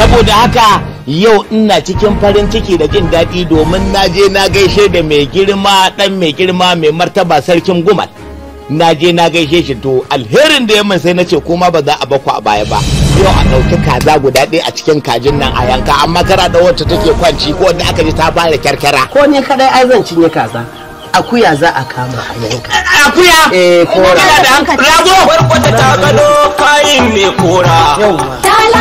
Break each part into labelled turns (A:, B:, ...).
A: saboda haka yau ina cikin farin ciki da jin daɗi domin na je na gaishe da mai girma ɗan mai girma mai martaba sarkin gumal na je na gaishe shi to alherin da ya min sai na ce kuma ba za a baku a baya ba yau a ɗauki kaza guda ɗaya a cikin kajin nan a yanka amma kara da wacce take kwanci ko wanda aka ji ta fara kyarkyara ko ne kadai ai zan cinye kaza akuya za a kama a yanka akuya eh kora rago ta gado kayin me kora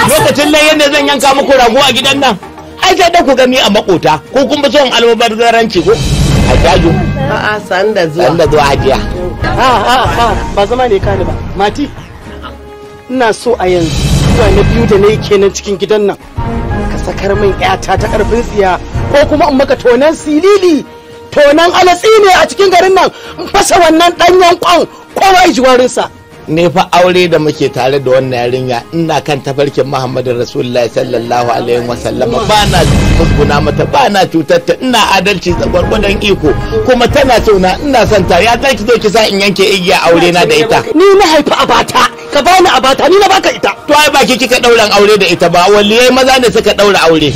A: lokacin layin ne zan yanka muku rago a gidan nan ai sai da ku gani a makota ko kun bi son almubazzaranci ko a jajo a'a sanda zuwa sanda zuwa ha a'a ba zama ne kani ba mati ina so a yanzu zuwa na biyu da na yi kenan cikin gidan nan ka sakar min 'yata ta karfin tsiya ko kuma in maka tonan silili tonan alatsi ne a cikin garin nan fasa wannan ɗanyen kwan kowa ya ji ne fa aure da muke tare da wannan yarinya ina kan tafarkin Muhammadu Rasulullahi sallallahu alaihi wasallam ba na musguna mata ba na cutar ta ina adalci gwargwadon iko kuma tana sona ina son ta ya ki zo ki sa in yanke igiya aure na da ita ni na haifi abata ka bani abata ni na baka ita to ai baki kika dauran aure da ita ba yayi maza ne suka daura aure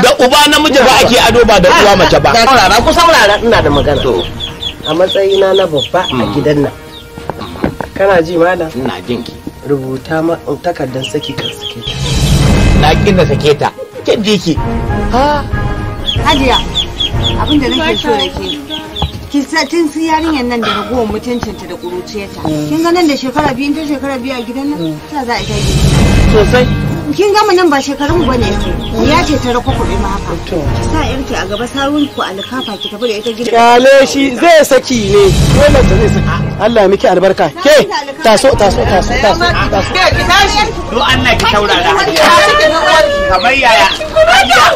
A: da uba namiji ba ake ado ba da uwa mace ba saurara ku saurara ina da magana a matsayina na babba a mm. gidan nan kana ji malam ina jin ki rubuta ma takardar saki kan sake ta na kin da sake ta kin ji ki ha ah, hajiya abin da nake so yake. ki tun su yarinyar nan da ragowar mutuncinta da ƙuruciyarta kin ga nan da shekara biyu ta shekara biyu a gidan nan ta za a ta yi sosai kin gama nan ba shekarun ba ne ya ce ta rako kuɗi ma haka ki sa yarki a gaba sarun ku alkafa ki tafi da ita gidan kale shi zai saki ne dole ta zai saki Allah ya miki albarka ke taso taso taso taso taso ki tashi to Allah ki taurara kamar yaya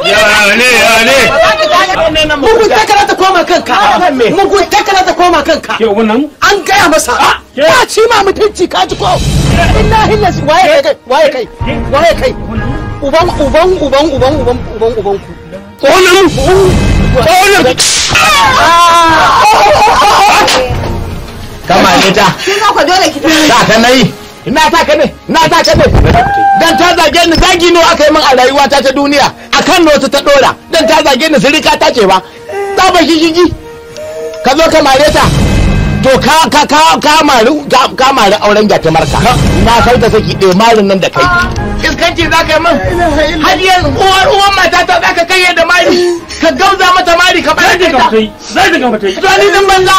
A: ya ne ya ne mugunta kana ta koma kanka mugunta kana ta koma kanka ke wannan an gaya masa ya ah, ci ma mutunci ka ji ko inna hillas waye kai waye kai waye kai uban uban uban uban uban uban uban ku ko wannan ko wannan ah! kama ne ta kin ga ku dole ki ta ta yi. ina ta ka ne na ta ka ne dan ta zage ni zagi ne aka yi min a rayuwa ta ta duniya akan nota ta dora dan ta zage ni sirika ta ce ba ta ba shishigi ka zo ka mare ta to ka ka ka ka maru ka mari auren gyatumar marka na kai ta saki ɗaya eh, marin nan da kai iskanci za ka yi min har yanzu uwar uwar mata ta za ka kai da mari ka gauza mata mari ka bayar da ta zai da ka mutai to ni din banza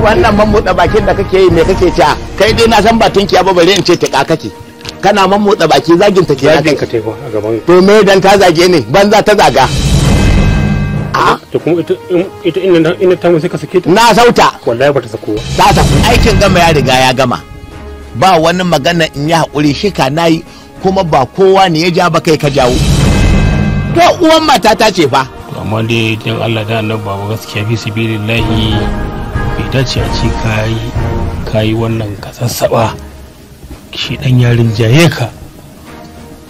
A: wannan mammuɗa bakin da kake yi me kake ci kai dai na san ba tunkiya ba bare in ce ta kake kana mammuɗa baki zagin ta ke zagin ka taifa a gaban to me dan ta zage ne banza ta zaga to kuma ita ina ina ta sai ka sake ta na sauta wallahi ba ta sako ta saku aikin gama ya riga ya gama ba wani magana in yi haƙuri shi ka nayi kuma ba kowa ne ya ja ba kai ka jawo to uwan matata ce fa amma dai dan Allah da annabawa gaskiya fi lillahi. ce a ce ka yi wannan kasassaba sassaɓa shi ɗan yarin jaye ka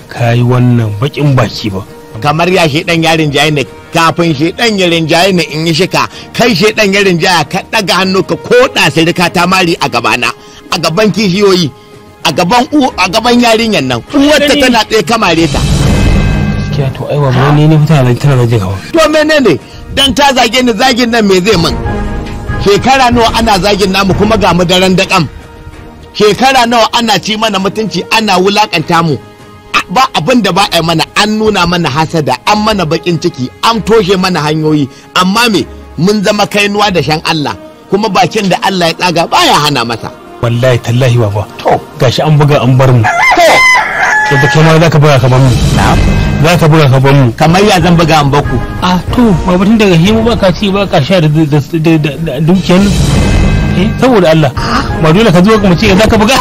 A: ka yi wannan baƙin baki ba kamar ya shi ɗan yarin jaye ne kafin shi ɗan yarin jaye ne in yi shika kai shi ɗan yarin jaya ka ɗaga hannu ka koɗa sirika ta mari a gabana a gaban kishiyoyi a gaban u a gaban yarinyar nan uwarta tana tsaye kamare ta gaskiya to aiwa ba ne ne mutanen tana da jikawa to menene dan ta zage ni zagin nan me zai min shekara nawa ana zagin namu kuma ga mu daren daƙam shekara nawa ana ci mana mutunci ana wulakanta mu ba abin da ba a mana an nuna mana hasada an mana bakin ciki an toshe mana hanyoyi amma me mun zama kainuwa da shan Allah kuma bakin da Allah ya tsaga baya hana masa wallahi tallahi baba to gashi an buga an bar mu to yadda kai ma zaka buga kamar mu na'am za ka buga gaban mu kamar ya zan buga an baku A to ba mutum daga himu ba ka ci ba ka sha da dukiyar eh, saboda Allah ba dole ka zo ka mace za ka buga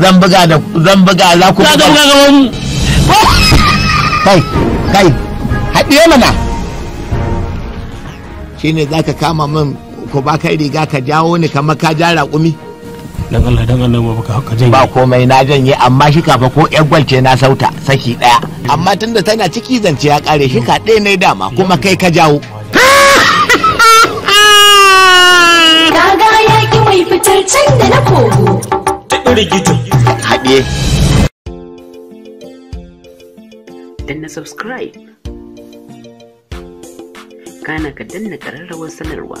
A: zan buga da zan buga za ku buga gaban mu kai kai haɗiye mana shine za ka kama min ko ba kai riga ka jawo ni kamar ka ja raƙumi dan Allah dan Allah ba ka janye ba komai na janye amma shi kafa ko yar gwalce na sauta saki daya amma tunda tana ciki zance ya kare shi ka ɗaya ne dama kuma kai ka jawo kaga yaki mai fitar can da na kogo ta rigito haɗe na subscribe kana ka danna ƙararrawar sanarwa